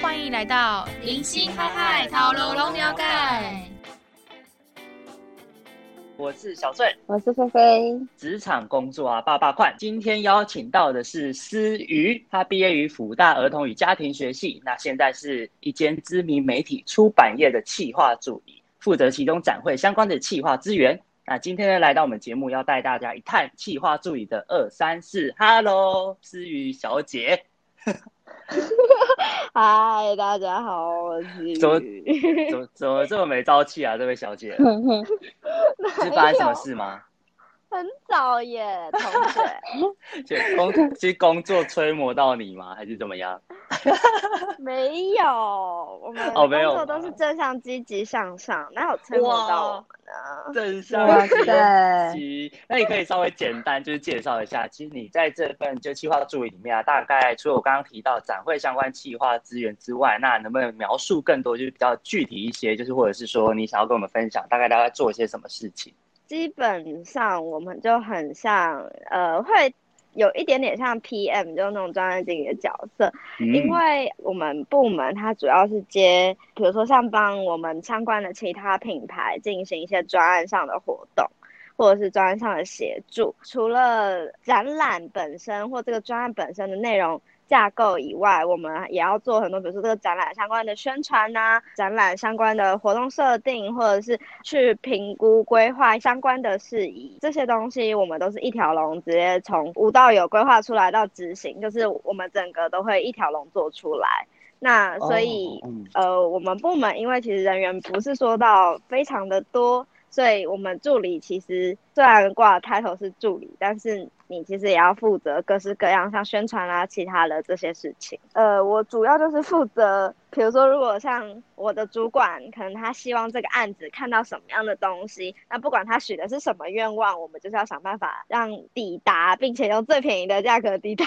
歡迎來到零星嗨嗨討樓龍腰蓋，我是小順，我是菲菲，職場工作啊，爸爸快！今天邀請到的是思妤，她畢業於輔大兒童與家庭學系，那現在是一間知名媒體出版業的企劃助理，負責其中展會相關的企劃資源。那今天呢，來到我們節目，要帶大家一探企劃助理的二三事。Hello，思妤小姐。 嗨， 大家好，我是。怎麼怎、怎、怎麼這麼沒朝氣啊， 這位小姐、啊？ 是發生什麼事嗎？很早耶，同學。就工是工作催磨到你嗎？還是怎麼樣？ 沒有，我們工作都是正向、積極向上，哦、沒有哪有催磨到我們呢、啊？正向積極。 那你可以稍微簡單就是介紹一下，其實你在這份就企劃助理裡面啊，大概除了我剛剛提到展會相關企劃資源之外，那能不能描述更多，就是比較具體一些，就是或者是說你想要跟我們分享，大概大概做一些什麼事情？基本上我們就很像，呃，會有一點點像 PM，就那種專案經理的角色，嗯，因為我們部門它主要是接，比如說像幫我們參觀的其他品牌進行一些專案上的活動，或者是專案上的協助，除了展覽本身或這個專案本身的內容架構以外，我們也要做很多，比如說這個展覽相關的宣傳啊，展覽相關的活動設定，或者是去評估、規劃相關的事宜，這些東西我們都是一條龍，直接從無到有規劃出來到執行，就是我們整個都會一條龍做出來。那所以，oh, um. 呃，我們部門因為其實人員不是說到非常的多，所以我們助理其實雖然掛的 title 是助理，但是。你其實也要負責各式各樣，像宣傳啊，其他的這些事情。呃，我主要就是負責，比如說，如果像我的主管，可能他希望這個案子看到什麼樣的東西，那不管他許的是什麼願望，我們就是要想辦法讓抵達，並且用最便宜的價格抵達。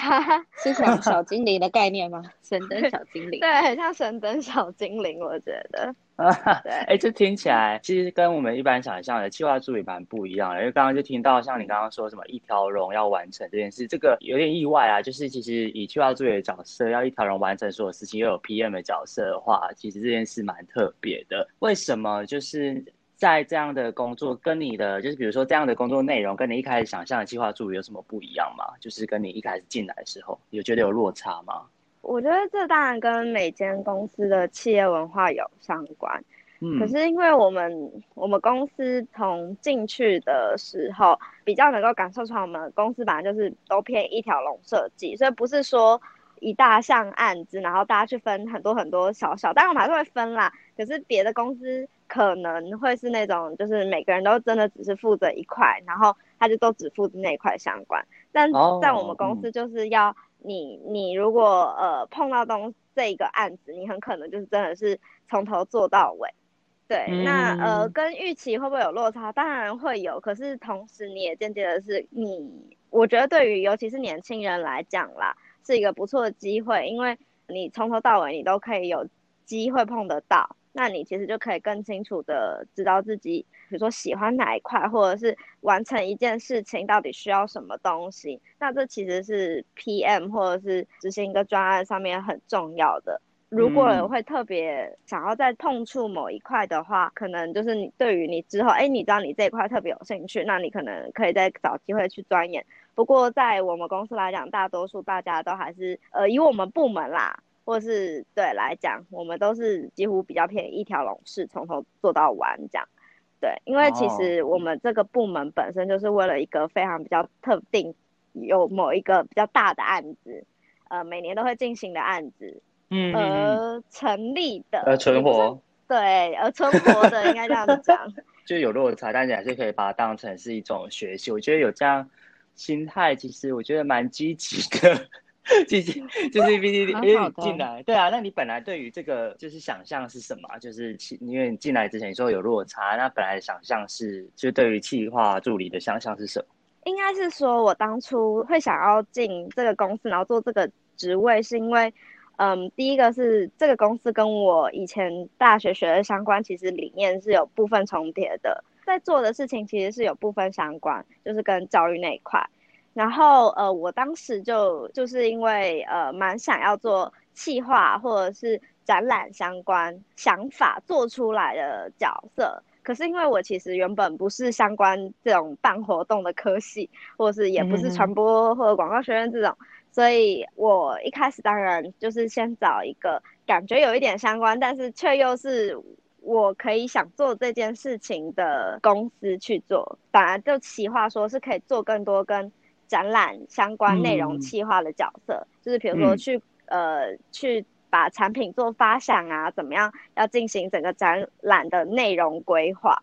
是像小精靈的概念嗎？ 神燈小精靈？ 對，很像神燈小精靈，我覺得。啊， 哎、欸，這聽起來其實跟我們一般想象的企劃助理蠻不一樣的，因為剛剛就聽到像你剛剛說什麼一條龍要完成這件事，這個有點意外啊！就是其實以企劃助理的角色，要一條龍完成所有事情，又有 PM 的角色的話，其實這件事蠻特別的。為什麼？就是在這樣的工作，跟你的就是比如說這樣的工作內容，跟你一開始想象的企劃助理有什麼不一樣嗎？就是跟你一開始進來的時候有覺得有落差嗎？我覺得這當然跟每間公司的企業文化有相關。可是，因為我們我們公司從進去的時候，比較能夠感受出來，我們公司本來就是都偏一條龍設計，所以不是說一大項案子，然後大家去分很多很多小小，當然我們還是會分啦。可是別的公司可能會是那種，就是每個人都真的只是負責一塊，然後他就都只負責那一塊相關。但在我們公司就是要你，你如果呃碰到東這個案子，你很可能就是真的是從頭做到尾。對，嗯、那呃，跟預期會不會有落差？當然會有，可是同時你也間接的是你，我覺得對於尤其是年輕人來講啦，是一個不錯的機會，因為你從頭到尾你都可以有機會碰得到，那你其實就可以更清楚的知道自己，比如說喜歡哪一塊，或者是完成一件事情到底需要什麼東西，那這其實是 PM 或者是執行一個專案上面很重要的。如果會特別想要再碰觸某一塊的話，嗯，可能就是你對於你之後，哎，你知道你這一塊特別有興趣，那你可能可以再找機會去鑽研。不過在我們公司來講，大多數大家都還是呃，以我們部門啦，或是對來講，我們都是幾乎比較偏一條龍式，從頭做到完這樣。對，因為其實我們這個部門本身就是為了一個非常比較特定，有某一個比較大的案子，呃，每年都會進行的案子。而成立的，嗯、而存活，對，而存活的 應該這樣子講， 就有落差，但你還是可以把它當成是一種學習。我覺得有這樣心態，其實我覺得蠻積極的，積 極就是 B D D。因為你進來，對啊，那你本來對於這個就是想象是什麼？就是因為你進來之前你說有落差，那本來想象是，就對於企劃助理的想象是什麼？應該是說我當初會想要進這個公司，然後做這個職位，是因為。嗯，第一個是這個公司跟我以前大學學的相關，其實理念是有部分重疊的，在做的事情其實是有部分相關，就是跟教育那一塊。然後呃，我當時就就是因為呃蠻想要做企劃或者是展覽相關想法做出來的角色，可是因為我其實原本不是相關這種辦活動的科系，或者是也不是傳播或者廣告學院這種。嗯所以我一開始當然就是先找一個感覺有一點相關，但是卻又是我可以想做這件事情的公司去做。反而就企劃說是可以做更多跟展覽相關內容企劃的角色，嗯、就是比如說去、嗯、呃去把產品做發想啊，怎麼樣要進行整個展覽的內容規劃。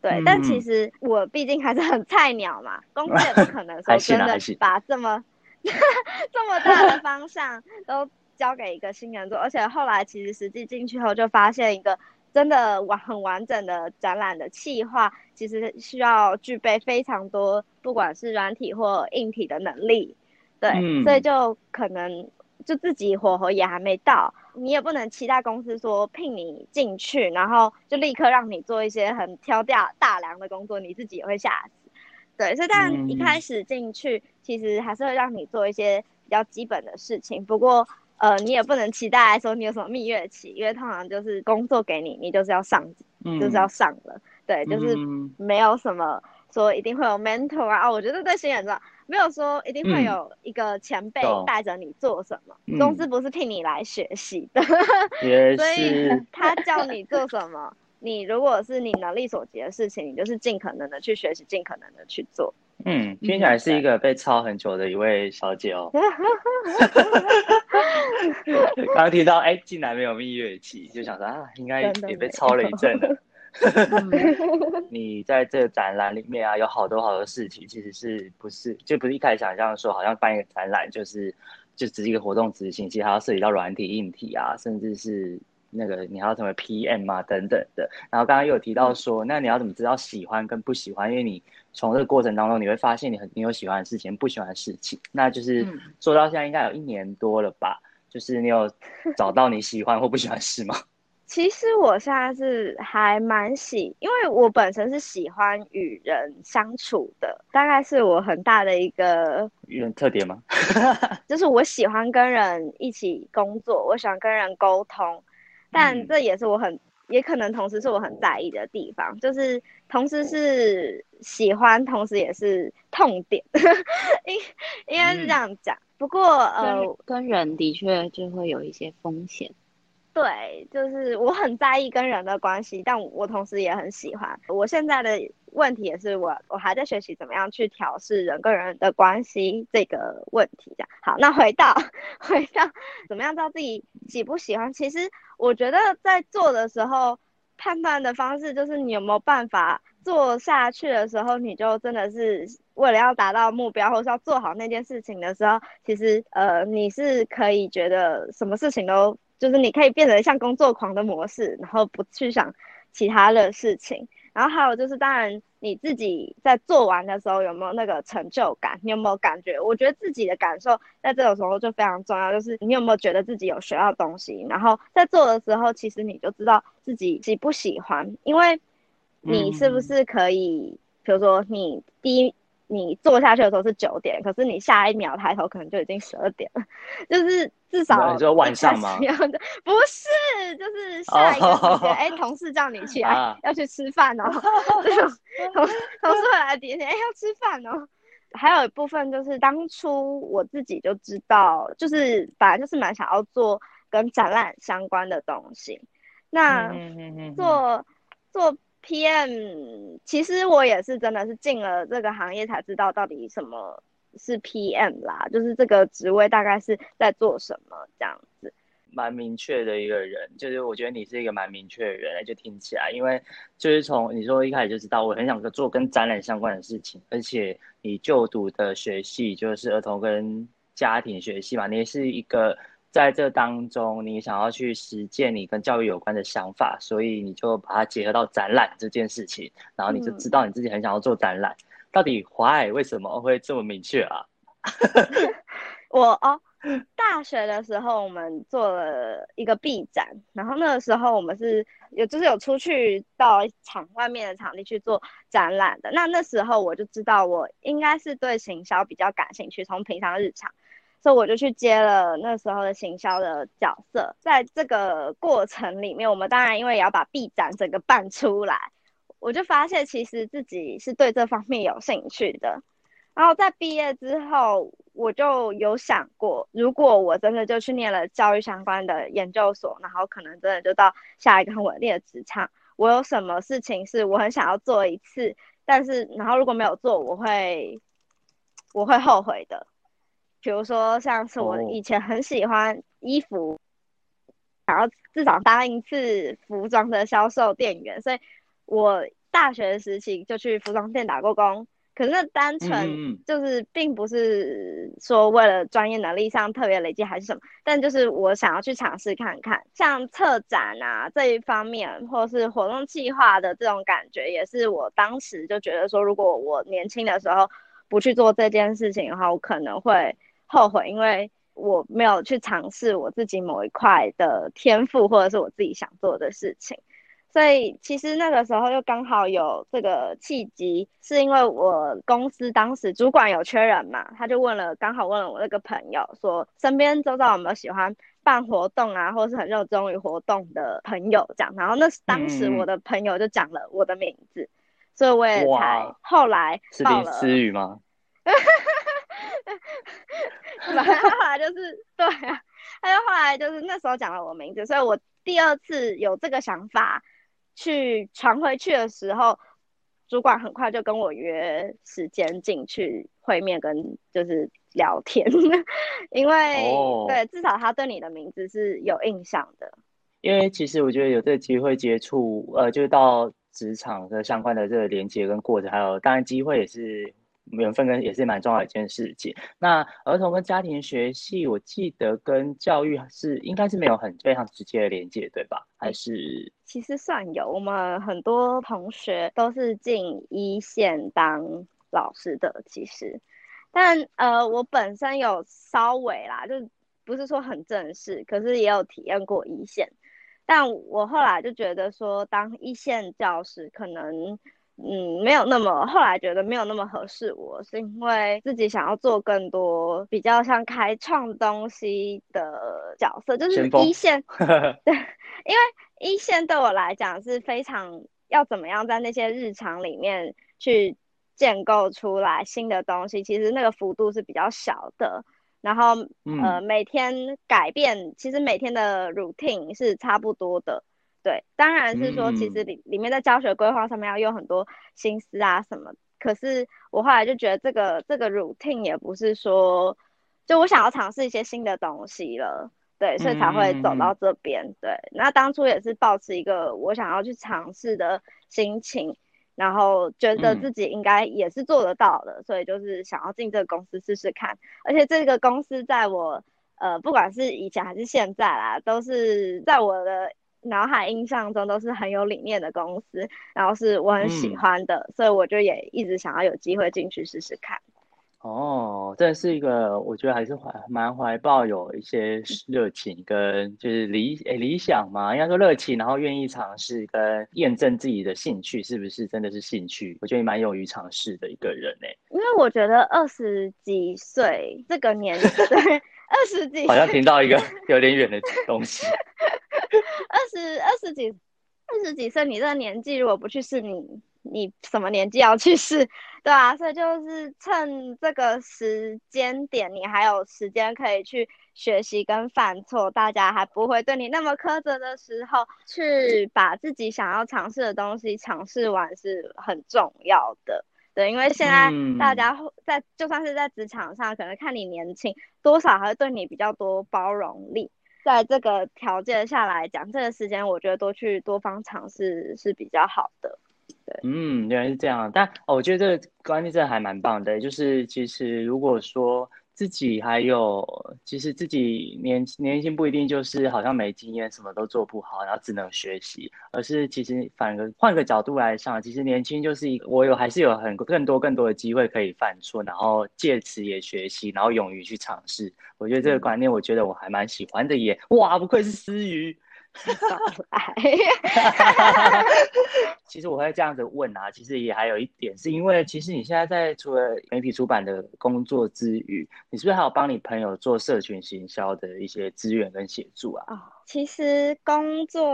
對、嗯，但其實我畢竟還是很菜鳥嘛，公司也不可能說真的把這麼、啊。 這麼大的方向都交給一個新人做。 而且後來其實實際進去後就發現一個真的完很完整的展覽的企劃，其實需要具備非常多不管是軟體或硬體的能力。對、嗯，所以就可能就自己火候也還沒到，你也不能期待公司說聘你進去，然後就立刻讓你做一些很挑掉大梁的工作，你自己也會嚇。對，所以當然一開始進去、嗯，其實還是會讓你做一些比較基本的事情。不過，呃，你也不能期待說你有什麼蜜月期，因為通常就是工作給你，你就是要上，嗯、就是要上了。對，就是沒有什麼說一定會有 mentor 啊。嗯、啊我覺得在新人這，沒有說一定會有一個前輩帶着你做什麼。嗯、公司不是聘你來學習的， 所以他叫你做什麼。 你如果是你能力所及的事情，你就是盡可能的去學習，盡可能的去做。嗯，聽起來是一個被操很久的一位小姐哦。剛 剛 提到哎，竟然沒有蜜月期，就想說啊，應該也被操了一陣了。 你在這個展覽裡面啊，有好多好多事情，其實是不是就不是一開始想象說，好像辦一個展覽就是就只是一個活動執行，其實還要涉及到軟體、硬體啊，甚至是。那個你要成為 PM 啊，等等的。然後剛剛又有提到說，嗯、那你要怎麼知道喜歡跟不喜歡？因為你從這個過程當中，你會發現你很你有喜歡的事情，不喜歡的事情。那就是做到現在應該有一年多了吧，嗯？就是你有找到你喜歡或不喜歡的事嗎？ 其實我現在是還蠻喜，因為我本身是喜歡與人相處的，大概是我很大的一個語言特點嗎？ 就是我喜歡跟人一起工作，我喜歡跟人溝通。但這也是我很，嗯，也可能同時是我很在意的地方，就是同時是喜歡，同時也是痛點， 應應該是這樣講，嗯。不過呃，跟人的確就會有一些風險。對，就是我很在意跟人的關係，但我同時也很喜歡。我現在的問題也是我，我還在學習怎麼樣去調適人跟人的關係這個問題。這樣好，那回到回到怎麼樣知道自己喜不喜歡？其實我覺得在做的時候判斷的方式就是你有沒有辦法做下去的時候，你就真的是為了要達到目標或是要做好那件事情的時候，其實呃你是可以覺得什麼事情都。就是你可以變成像工作狂的模式，然後不去想其他的事情。然後還有就是，當然你自己在做完的時候有沒有那個成就感？你有沒有感覺？我覺得自己的感受在這種時候就非常重要。就是你有沒有覺得自己有學到東西？然後在做的時候，其實你就知道自己喜不喜歡，因為你是不是可以，嗯、比如說你第一。你坐下去的時候是九點，可是你下一秒抬頭可能就已經十二點了，就是至少 1, 就晚上嗎？ 不是，就是下一秒，哎、oh, 欸，同事叫你起來、啊、要去吃飯哦。同 同事會來點點，哎、欸，要吃飯哦。還有一部分就是當初我自己就知道，就是本來就是蠻想要做跟展覽相關的東西，那做 做。PM 其實我也是真的是進了這個行業才知道到底什麼是 PM 啦，就是這個職位大概是在做什麼這樣子。蠻明確的一個人，就是我覺得你是一個蠻明確的人，就聽起來，因為就是從你說一開始就知道，我很想做跟展覽相關的事情，而且你就讀的學系就是兒童跟家庭學系嘛，你也是一個。在這當中，你想要去實踐你跟教育有關的想法，所以你就把它結合到展覽這件事情，然後你就知道你自己很想要做展覽，嗯。到底華愛為什麼會這麼明確啊？ 我哦，大學的時候我們做了一個畢展，然後那個時候我們是有就是有出去到一場外面的場地去做展覽的。那那時候我就知道我應該是對行銷比較感興趣，從平常日常。所以我就去接了那時候的行銷的角色，在這個過程裡面，我們當然因為也要把畢展整個辦出來，我就發現其實自己是對這方面有興趣的。然後在畢業之後，我就有想過，如果我真的就去念了教育相關的研究所，然後可能真的就到下一個很穩定的職場，我有什麼事情是我很想要做一次，但是然後如果沒有做，我會我會後悔的。比如說，像是我以前很喜歡衣服，想要至少當一次服裝的銷售店員。所以，我大學時期就去服裝店打過工。可是那單純就是，並不是說為了專業能力上特別累積還是什麼，mm. 但就是我想要去嘗試看看，像策展啊這一方面，或者是活動計劃的這種感覺，也是我當時就覺得說，如果我年輕的時候不去做這件事情的話，我可能會，後悔，因為我沒有去嘗試我自己某一塊的天賦，或者是我自己想做的事情。所以其實那個時候又剛好有這個契機，是因為我公司當時主管有缺人嘛，他就問了，剛好問了我那個朋友說，說身邊周遭有沒有喜歡辦活動啊，或是很熱衷於活動的朋友這樣。然後那時當時我的朋友就講了我的名字，嗯、所以我也才後來報了是林思妤嗎？ 後來就是 對啊，還有後來就是那時候講了我名字，所以我第二次有這個想法去傳回去的時候，主管很快就跟我約時間進去會面跟就是聊天，因為、哦、對，至少他對你的名字是有印象的。因為其實我覺得有這個機會接觸，呃，就到職場的相關的這個連結跟過程，還有當然機會也是。嗯緣分跟也是蠻重要的一件事情。那兒童跟家庭學系，我記得跟教育是應該是沒有很非常直接的連接，對吧？還是其實算有，我們很多同學都是進一線當老師的。其實，但呃，我本身有稍微啦，就不是說很正式，可是也有體驗過一線。但我後來就覺得說，當一線教師可能。嗯，沒有那麼後來覺得沒有那麼合適我，是因為自己想要做更多比較像開創東西的角色，就是一線， 對，因為一線對我來講是非常要怎麼樣在那些日常裡面去建構出來新的東西，其實那個幅度是比較小的，然後、嗯、呃每天改變，其實每天的 routine 是差不多的。.對，當然是說，其實裡裡面在教學規劃上面要用很多心思啊什麼。嗯、可是我後來就覺得，這個這個 routine 也不是說，就我想要嘗試一些新的東西了。對，所以才會走到這邊、嗯。對，那當初也是抱持一個我想要去嘗試的心情，然後覺得自己應該也是做得到的，嗯、所以就是想要進這個公司試試看。而且這個公司在我呃，不管是以前還是現在啦，都是在我的。腦海印象中都是很有理念的公司，然後是我很喜歡的，嗯、所以我就也一直想要有機會進去試試看。哦，這是一個我覺得還是懷蠻懷抱有一些熱情跟就是理誒理想嘛，應該說熱情，然後願意嘗試跟驗證自己的興趣是不是真的是興趣，我覺得蠻勇於嘗試的一個人呢、欸，因為我覺得二十幾歲這個年 二十幾歲好像聽到一個有點遠的東西。 二十二十幾、二十幾歲，你這個年紀如果不去試，你你什麼年紀要去試？對啊，所以就是趁這個時間點，你還有時間可以去學習跟犯錯，大家還不會對你那麼苛責的時候，去把自己想要嘗試的東西嘗試完是很重要的。對，因為現在大家在，嗯、就算是在職場上，可能看你年輕，多少還會對你比較多包容力。在這個條件下來講，這個時間我覺得多去多方嘗試是，是比較好的。對，嗯，原來是這樣。但，哦，我覺得這個觀點真的還蠻棒的，就是其實如果說。自己還有，其實自己年年輕不一定就是好像沒經驗，什麼都做不好，然後只能學習，而是其實反而換個角度來想，其實年輕就是一，我有還是有很更多更多的機會可以犯錯，然後借此也學習，然後勇於去嘗試。我覺得這個觀念，我覺得我還蠻喜歡的耶！哇，不愧是思妤。 其實我會這樣子問啊，其實也還有一點是因為，其實你現在在除了媒體出版的工作之餘，你是不是還有幫你朋友做社群行銷的一些資源跟協助啊？啊、哦，其實工作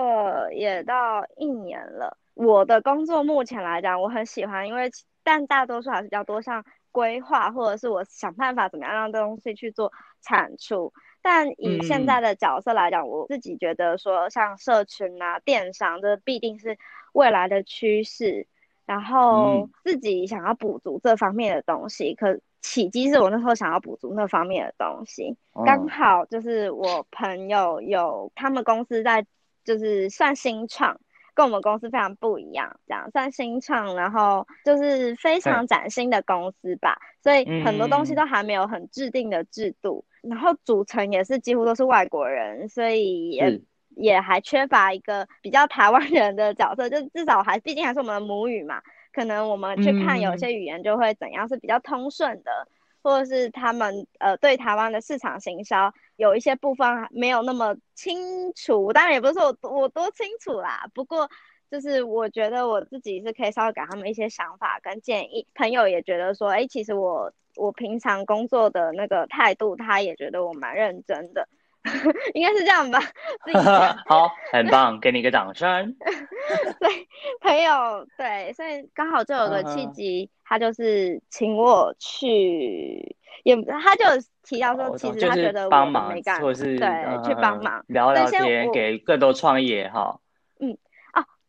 也到一年了，我的工作目前來講我很喜歡，因為但大多數還是比較多像規劃，或者是我想辦法怎麼樣讓東西去做產出。但以現在的角色來講，嗯，我自己覺得說，像社群啊、電商，這必定是未來的趨勢。然後自己想要補足這方面的東西，嗯、可契機，是我那時候想要補足那方面的東西，剛、哦、好，就是我朋友有他們公司在，就是算新創，跟我們公司非常不一樣，這樣算新創，然後就是非常嶄新的公司吧，所以很多東西都還沒有很制定的制度。嗯然後組成也是幾乎都是外國人，所以也、嗯、也還缺乏一個比較台灣人的角色，就至少還畢竟還是我們的母語嘛，可能我們去看有些語言就會怎樣是比較通順的，嗯、或者是他們呃對台灣的市場行銷有一些部分還沒有那麼清楚，當然也不是說我我多清楚啦，不過。就是我覺得我自己是可以稍微給他們一些想法跟建議。朋友也覺得說，哎、欸，其實我我平常工作的那個態度，他也覺得我蠻認真的， 應該是這樣吧。 好，很棒， 給你一個掌聲。對， 朋友，對，所以剛好就有個契機、嗯，他就是請我去，也他就提到說，其實他覺得幫、就是、忙，或者是對、嗯、去幫忙聊聊天，給更多創業哈。好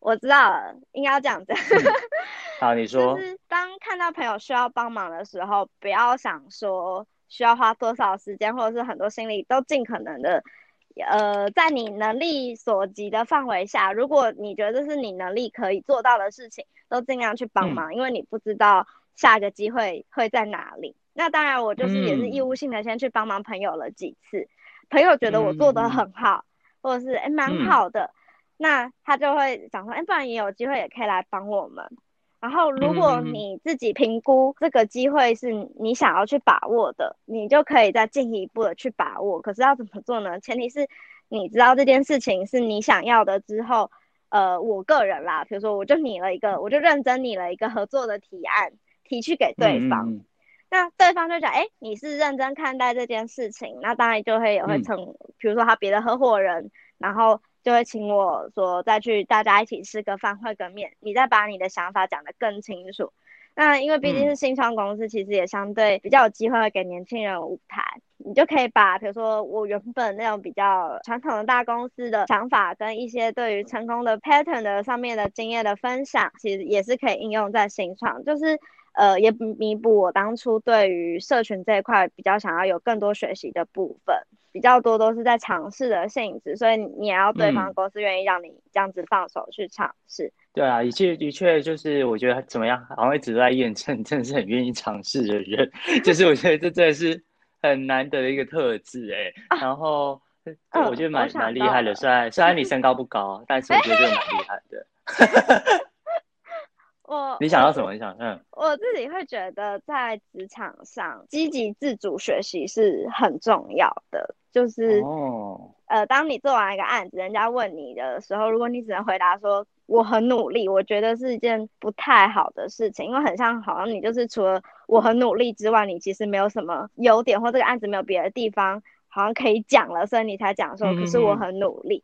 我知道了，應該要這樣子。 好，你說。就是當看到朋友需要幫忙的時候，不要想說需要花多少時間，或者是很多心力，都盡可能的，呃，在你能力所及的範圍下，如果你覺得這是你能力可以做到的事情，都盡量去幫忙、嗯，因為你不知道下一個機會會在哪裡。那當然，我就是也是義務性的先去幫忙朋友了幾次，嗯、朋友覺得我做得很好，或者是哎，蠻、欸、好的。嗯那他就會想說，欸、不然也有機會，也可以來幫我們。然後，如果你自己評估這個機會是你想要去把握的，你就可以再進一步的去把握。可是要怎麼做呢？前提是你知道這件事情是你想要的之後，呃，我個人啦，比如說我就擬了一個，我就認真擬了一個合作的提案，提去給對方。嗯嗯嗯。那對方就講，哎、欸，你是認真看待這件事情，那當然就會也會成，比、嗯、如說他別的合夥人，然後。就會請我說，再去大家一起吃個飯會個面，你再把你的想法講得更清楚。那因為畢竟是新創公司，嗯、其實也相對比較有機會給年輕人舞台，你就可以把比如說我原本那種比較傳統的大公司的想法跟一些對於成功的 pattern 的上面的經驗的分享，其實也是可以應用在新創，就是呃也彌補我當初對於社群這一塊比較想要有更多學習的部分。比較多都是在嘗試的性質，所以你也要對方公司願意讓你這樣子放手去嘗試，嗯。對啊，一切的確就是，我覺得怎麼樣，好像一直在驗證，真的是很願意嘗試的人， 就是我覺得這真的是很難得的一個特質哎，欸啊。然後對，呃、我覺得蠻蠻厲害的，雖然雖然你身高不高， 但是我覺得就蠻厲害的。 我你想要什麼？你想嗯，我自己會覺得在職場上積極自主學習是很重要的。就是哦，oh. 呃，當你做完一個案子，人家問你的時候，如果你只能回答說我很努力，我覺得是一件不太好的事情，因為很像好像你就是除了我很努力之外，你其實沒有什麼優點，或這個案子沒有別的地方好像可以講了，所以你才講說可是我很努力。Mm -hmm.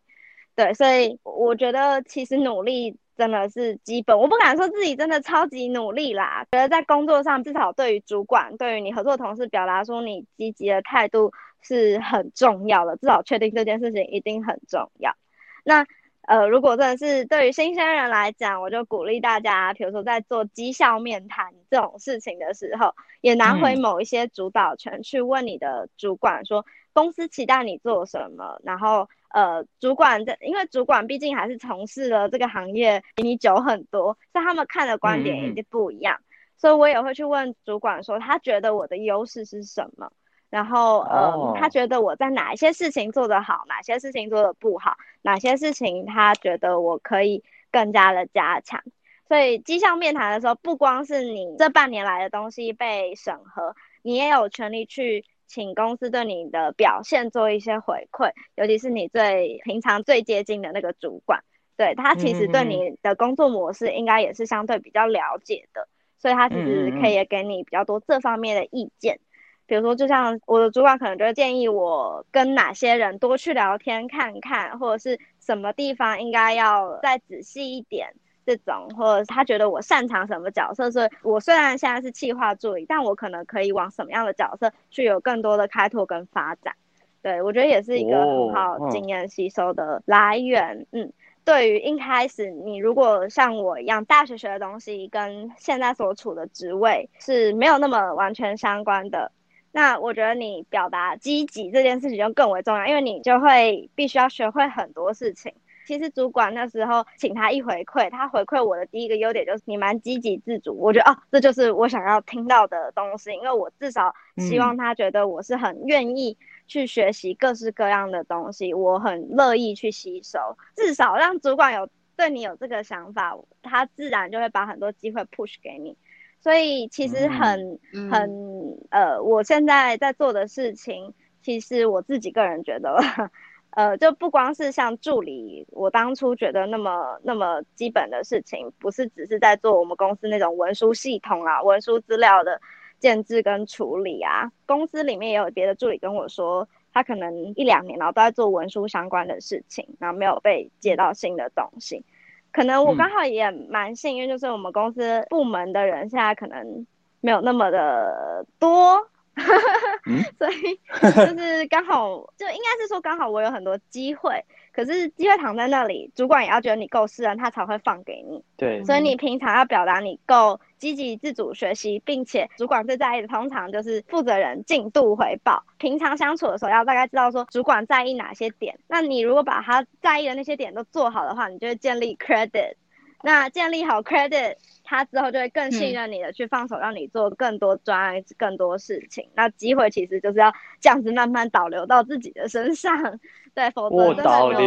對，所以我覺得其實努力。真的是基本，我不敢說自己真的超級努力啦。覺得在工作上，至少對於主管，對於你合作同事，表達說你積極的態度是很重要的。至少確定這件事情一定很重要。那呃，如果真的是對於新鮮人來講，我就鼓勵大家，比如說在做績效面談這種事情的時候，也拿回某一些主導權，去問你的主管說，嗯，公司期待你做什麼，然後。呃，主管的，因為主管畢竟還是從事了這個行業比你久很多，所以他們看的觀點一定不一樣。嗯嗯。所以我也會去問主管說，他覺得我的優勢是什麼，然後呃，Oh. 他覺得我在哪一些事情做得好，哪些事情做得不好，哪些事情他覺得我可以更加的加強。所以績效面談的時候，不光是你這半年來的東西被審核，你也有權利去。請公司對你的表現做一些回饋，尤其是你最平常、最接近的那個主管。對，他其實對你的工作模式應該也是相對比較了解的，所以他其實可以給你比較多這方面的意見。比如說，就像我的主管可能就建議我跟哪些人多去聊天看看，或者是什麼地方應該要再仔細一點。這種或者他覺得我擅長什麼角色，所以我雖然現在是企劃助理，但我可能可以往什麼樣的角色去有更多的開拓跟發展，對我覺得也是一個很好經驗吸收的來源。Oh, huh. 嗯，對於一開始你如果像我一樣大學學的東西跟現在所處的職位是沒有那麼完全相關的，那我覺得你表達積極這件事情就更為重要，因為你就會必須要學會很多事情。其實主管那時候請他一回饋，他回饋我的第一個優點就是你蠻積極自主。我覺得哦、啊，這就是我想要聽到的東西，因為我至少希望他覺得我是很願意去學習各式各樣的東西、嗯，我很樂意去吸收。至少讓主管有對你有這個想法，他自然就會把很多機會 push 給你。所以其實很、嗯嗯、很呃，我現在在做的事情，其實我自己個人覺得了。呃，就不光是像助理，我當初覺得那麼那麼基本的事情，不是只是在做我們公司那種文書系統啊、文書資料的建制跟處理啊。公司裡面也有別的助理跟我說，他可能一兩年然後都在做文書相關的事情，然後沒有被接到新的東西。可能我剛好也蠻幸運，就是我們公司部門的人現在可能沒有那麼的多。 所以就是剛好，就應該是說剛好我有很多機會，可是機會躺在那裡，主管也要覺得你夠勝任，他才會放給你。對，所以你平常要表達你夠積極、自主學習，並且主管最在意的通常就是負責人進度回報。平常相處的時候，要大概知道說主管在意哪些點。那你如果把他在意的那些點都做好的話，你就會建立 credit。那建立好 credit，他之後就會更信任你的，去放手、嗯、讓你做更多專案、更多事情。那機會其實就是要這樣子慢慢導流到自己的身上，對，否則真的就會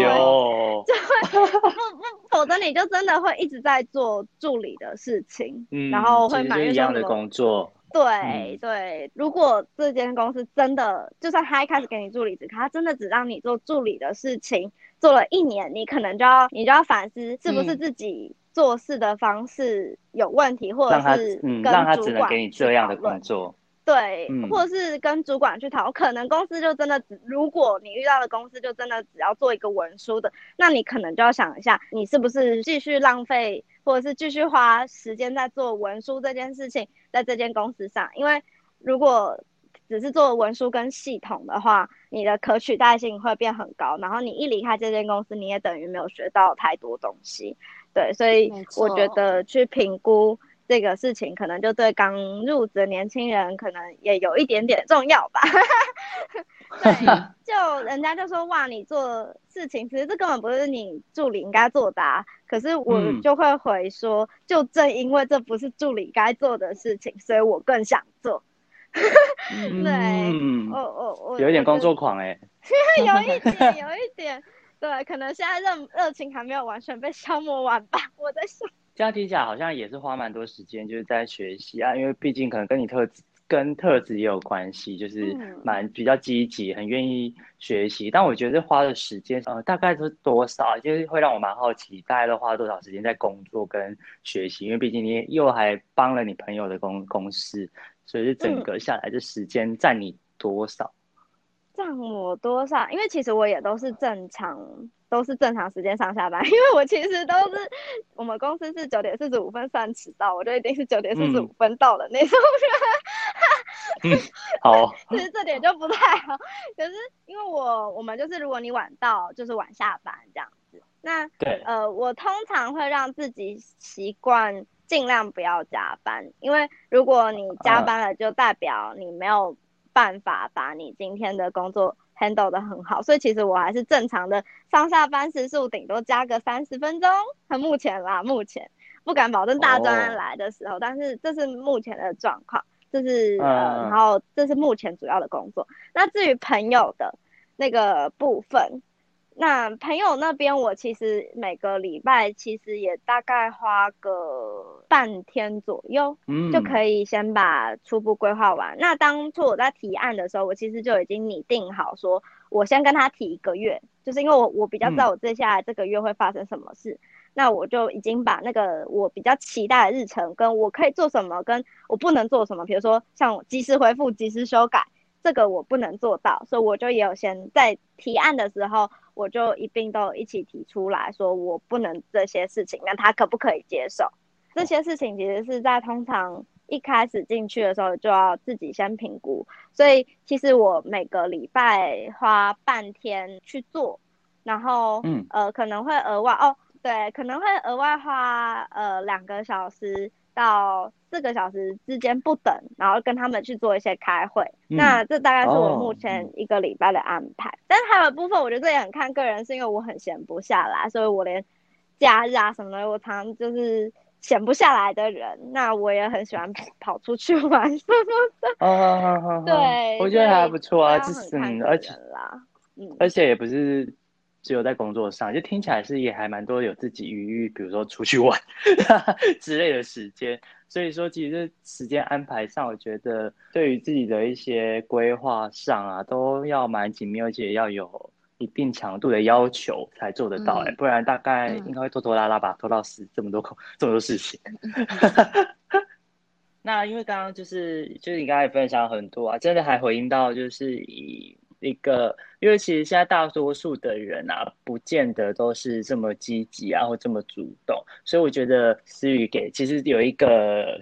不不， 否則你就真的會一直在做助理的事情，嗯、然後會滿一樣的工作。對對、嗯，如果這間公司真的，就算他一開始給你助理職，他真的只讓你做助理的事情，做了一年，你可能就要你就要反思是不是自己。嗯做事的方式有問題，或者是跟讓他只能、嗯、給你這樣的工作，對，嗯、或者是跟主管去討論。可能公司就真的，如果你遇到的公司就真的只要做一個文書的，那你可能就要想一下，你是不是繼續浪費，或者是繼續花時間在做文書這件事情，在這間公司上。因為如果只是做文書跟系統的話，你的可取代性會變很高，然後你一離開這間公司，你也等於沒有學到太多東西。對，所以我覺得去評估這個事情，可能就對剛入職的年輕人，可能也有一點點重要吧。 對，就人家就說哇，你做事情，其實這根本不是你助理應該做的、啊。可是我就會回說、嗯，就正因為這不是助理該做的事情，所以我更想做。 對，嗯、哦哦哦，有一點工作狂誒、欸、 有一點，有一點。 對，可能現在熱熱情還沒有完全被消磨完吧，我在想。這樣聽起來好像也是花蠻多時間，就是在學習啊，因為畢竟可能跟你特跟特質也有關係，就是蠻比較積極，很願意學習。嗯、但我覺得花的時間，嗯、呃、大概是多少？就是會讓我蠻好奇，大概都花了多少時間在工作跟學習？因為畢竟你又還幫了你朋友的公公司，所以就整個下來的時間占你多少？嗯上我多少？因為其實我也都是正常，都是正常時間上下班。因為我其實都是，我們公司是九點四十五分算遲到，我就一定是九點四十五分到的那種。嗯， 嗯，好。其實這點就不太好，可是因為我我們就是，如果你晚到，就是晚下班這樣子。那對，呃，我通常會讓自己習慣盡量不要加班，因為如果你加班了，就代表你沒有。辦法把你今天的工作 handle 得很好，所以其實我還是正常的上下班時數，頂多加個三十分鐘。很目前啦，目前不敢保證大專案來的時候，oh. 但是這是目前的狀況，這是呃，uh. 然後這是目前主要的工作。那至於朋友的那個部分。那朋友那邊，我其實每個禮拜其實也大概花個半天左右，就可以先把初步規劃完。嗯。那當初我在提案的時候，我其實就已經擬定好，說我先跟他提一個月，就是因為我我比較知道我接下來這個月會發生什麼事。嗯。那我就已經把那個我比較期待的日程，跟我可以做什麼，跟我不能做什麼，比如說像及時回復、及時修改，這個我不能做到，所以我就也有先在提案的時候。我就一併都一起提出來說，我不能這些事情，那他可不可以接受？這些事情其實是在通常一開始進去的時候就要自己先評估，所以其實我每個禮拜花半天去做，然後呃可能會額外、嗯、哦。對，可能會額外花呃兩個小時到四個小時之間不等，然後跟他們去做一些開會。嗯、那這大概是我目前一個禮拜的安排。哦、但是還有部分，我覺得這也很看個人，是因為我很閒不下來，所以我連假日啊什麼的，我常常就是閒不下來的人。那我也很喜歡跑出去玩什麼的、哦、 對，好好好、對，我覺得還不錯啊，就是而且啦、嗯、而且也不是。只有在工作上，就聽起來是也還蠻多有自己餘裕，比如說出去玩 之類的時間。所以說，其實時間安排上，我覺得對於自己的一些規劃上啊，都要蠻緊密，而且要有一定強度的要求才做得到、欸。哎、嗯，不然大概應該會拖拖拉拉吧， 拖到死這麼多口這麼多事情。 嗯嗯嗯、 那因為剛剛就是就是你剛才也分享很多啊，真的還回應到就是以。一個，因為其實現在大多數的人啊，不見得都是這麼積極啊，或這麼主動，所以我覺得思妤給其實有一個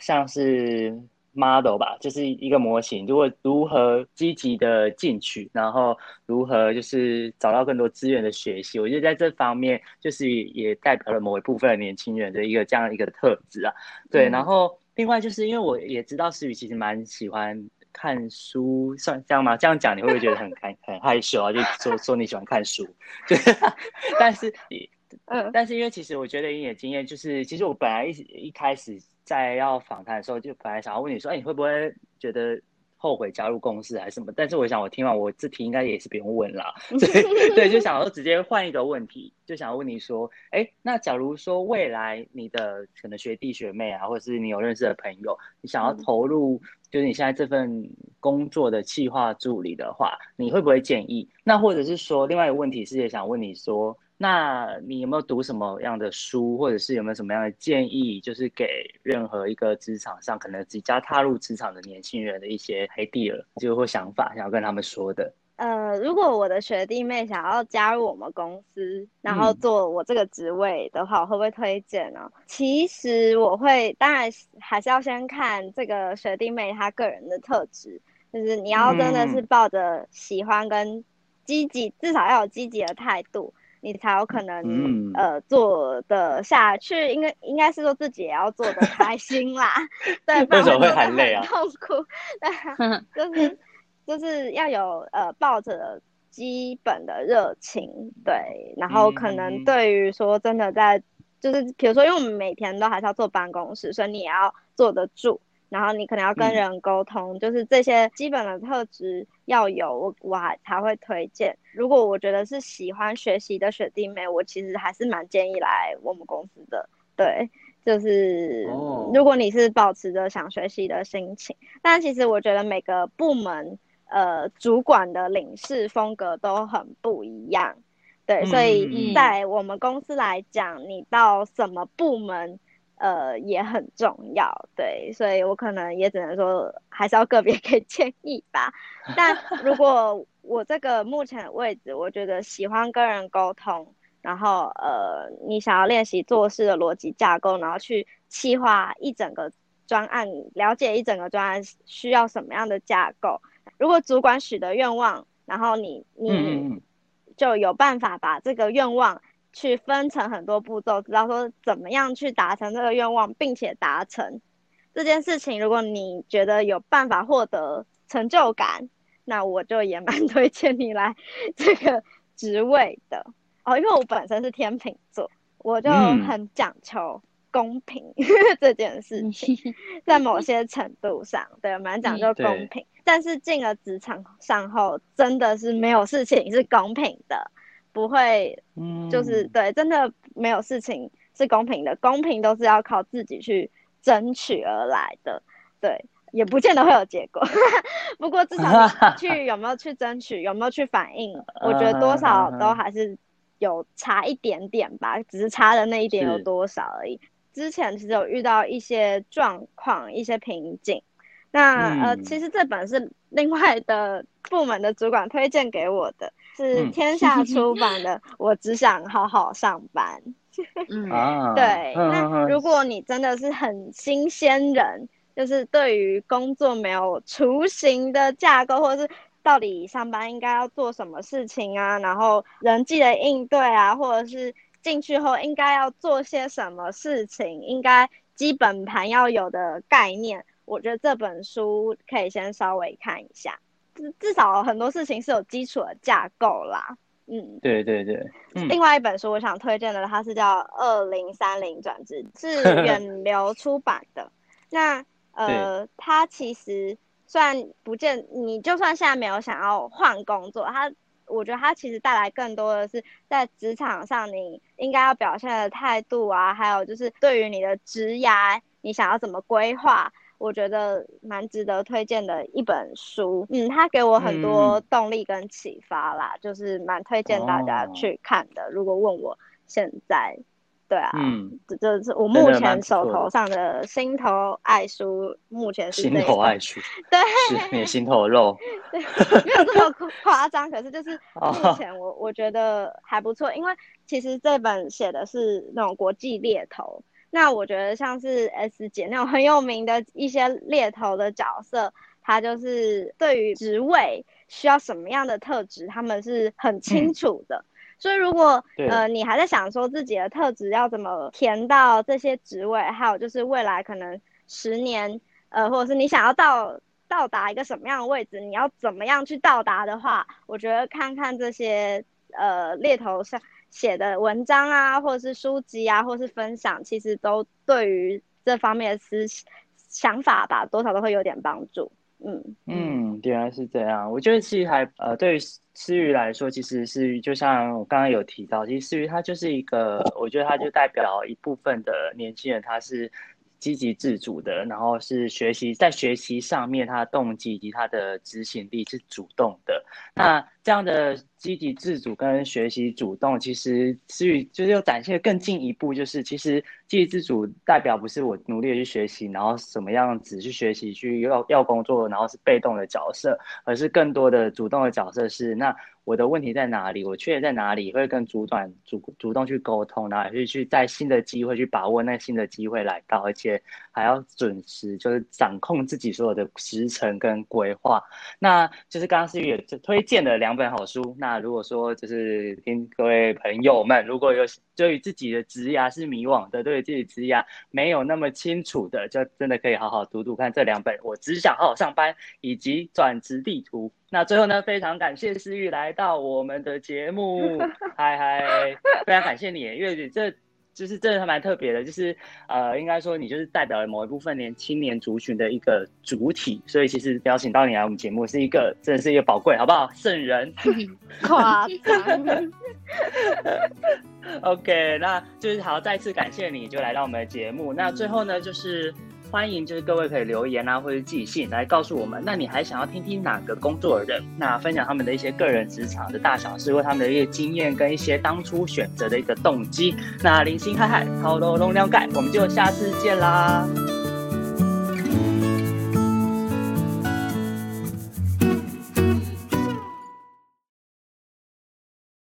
像是 model 吧，就是一個模型，如果如何積極的進取，然後如何就是找到更多資源的學習，我覺得在這方面就是也代表了某一部分的年輕人的一個這樣一個特質啊。對、嗯，然後另外就是因為我也知道思妤其實蠻喜歡。看書像這樣嗎？這樣講你會不會覺得很害 很害羞啊？就說說你喜歡看書，對、就是，但是你，但是因為其實我覺得你有經驗，就是其實我本來一一開始在要訪談的時候，就本來想要問你說，哎、欸，你會不會覺得後悔加入公司還是什麼？但是我想我聽完我這題應該也是不用問了，對 對，就想要直接換一個問題，就想要問你說，哎、欸，那假如說未來你的可能學弟學妹啊，或者是你有認識的朋友，你想要投入？就是你現在這份工作的企劃助理的話，你會不會建議？那或者是說，另外一個問題是也想問你說，那你有沒有讀什麼樣的書，或者是有沒有什麼樣的建議，就是給任何一個職場上可能即將踏入職場的年輕人的一些 idea，就是或想法，想要跟他們說的。呃，如果我的學弟妹想要加入我們公司，然後做我這個職位的話、嗯，我會不會推薦呢、哦？其實我會，當然還是要先看這個學弟妹她個人的特質。就是你要真的是抱着喜歡跟積極、嗯，至少要有積極的態度，你才有可能、嗯、呃做的下去。應該應該是說自己也要做的開心啦， 對吧？為什麼會很累啊？痛、啊、苦，就是。 就是要有呃抱着基本的熱情對，然後可能對於說真的在、mm -hmm. 就是比如說，因為我們每天都還是要坐辦公室，所以你也要坐得住，然後你可能要跟人溝通，mm -hmm. 就是這些基本的特質要有。我我還才會推薦，如果我覺得是喜歡學習的學弟妹，我其實還是蠻建議來我們公司的。對，就是如果你是保持着想學習的心情，oh. 但其實我覺得每個部門。呃，主管的領事風格都很不一樣，對，嗯、所以在我們公司來講、嗯，你到什麼部門，呃，也很重要，對，所以我可能也只能說，還是要個別給建議吧。 但如果我這個目前的位置，我覺得喜歡跟人溝通，然後呃，你想要練習做事的邏輯架構，然後去企劃一整個專案，了解一整個專案需要什麼樣的架構。如果主管許的願望，然後你你就有辦法把這個願望去分成很多步驟，知道說怎麼樣去達成這個願望，並且達成這件事情。如果你覺得有辦法獲得成就感，那我就也蠻推薦你來這個職位的哦，因為我本身是天秤座，我就很講求，嗯公平 這件事情，在某些程度上， 對，蠻講究公平。但是進了職場上後，真的是沒有事情是公平的，不會、就是，嗯，就是對，真的沒有事情是公平的，公平都是要靠自己去爭取而來的，對，也不見得會有結果。 不過至少去有沒有去爭取， 有沒有去反應， 我覺得多少都還是有差一點點吧，呃、只是差的那一點有多少而已。之前其實有遇到一些狀況，一些瓶頸。那、嗯、呃，其實這本是另外的部門的主管推薦給我的，是天下出版的《嗯、我只想好好上班》嗯。嗯 、啊，對。那如果你真的是很新鮮人、嗯，就是對於工作沒有雛形的架構，或者是到底上班應該要做什麼事情啊，然後人際的應對啊，或者是。進去後應該要做些什麼事情？應該基本盤要有的概念，我覺得這本書可以先稍微看一下，至至少很多事情是有基礎的架構啦。嗯，對對對。嗯、另外一本書我想推薦的，它是叫《二零三零轉職》，是遠流出版的。 那呃，它其實雖然不見你，就算現在沒有想要換工作，它，我覺得它其實帶來更多的是在職場上你應該要表現的態度啊，還有就是對於你的職涯，你想要怎麼規劃，我覺得蠻值得推薦的一本書。嗯，它給我很多動力跟啟發啦，嗯，就是蠻推薦大家去看的。哦，如果問我現在。對啊，嗯，這這是我目前手頭上的心頭愛書，目前是心頭愛書，對，是你心頭肉 對，沒有這麼誇張， 可是就是目前我、Oh. 我覺得還不錯，因為其實這本寫的是那種國際獵頭，那我覺得像是 S 姐那種很有名的一些獵頭的角色，他就是對於職位需要什麼樣的特質，他們是很清楚的。嗯所以，如果呃，你還在想說自己的特質要怎麼填到這些職位，還有就是未來可能十年，呃，或者是你想要到到達一個什麼樣的位置，你要怎麼樣去到達的話，我覺得看看這些呃獵頭上寫的文章啊，或者是書籍啊，或者是分享，其實都對於這方面的思想，想法吧，多少都會有點幫助。嗯嗯，嗯，原來是這樣。我覺得其實還呃，對於思妤來說，其實思妤就像我剛剛有提到，其實思妤它，就是一個，我覺得它就代表一部分的年輕人，他是積極自主的，然後是學習，在學習上面，他的動機以及他的執行力是主動的。那這樣的。積極自主跟學習主動，其實思妤就是要展現更進一步，就是其實積極自主代表不是我努力的去學習，然後什麼樣子去學習去要要工作，然後是被動的角色，而是更多的主動的角色是那我的問題在哪裡，我缺點在哪裡，會跟主管主主動去溝通，然後去去在新的機會去把握那新的機會來到，而且。還要準時，就是掌控自己所有的時程跟規劃。那就是剛剛思妤也推薦了兩本好書。那如果說就是聽各位朋友們，如果有對於自己的職涯是迷惘的，對於自己職業沒有那麼清楚的，就真的可以好好讀讀看這兩本《我只想好好上班》以及《轉職地圖》。那最後呢，非常感謝思妤來到我們的節目，嗨嗨，非常感謝你，因為這。就是真的還蠻特別的，就是呃，應該說，你就是代表了某一部分年青年族群的一個主體，所以其實邀請到你來我們節目是一個真的是一個寶貴，好不好？聖人誇張。 誇張 OK，那就是好，再次感謝你就來到我們的節目，嗯。那最後呢，就是。歡迎，就是各位可以留言啊，或者寄信來告訴我們。那你還想要聽聽哪個工作人？那分享他們的一些個人職場的大小事，或他們的一些經驗跟一些當初選擇的一個動機。那零星海海、超龍龍、尿蓋，我們就下次見啦。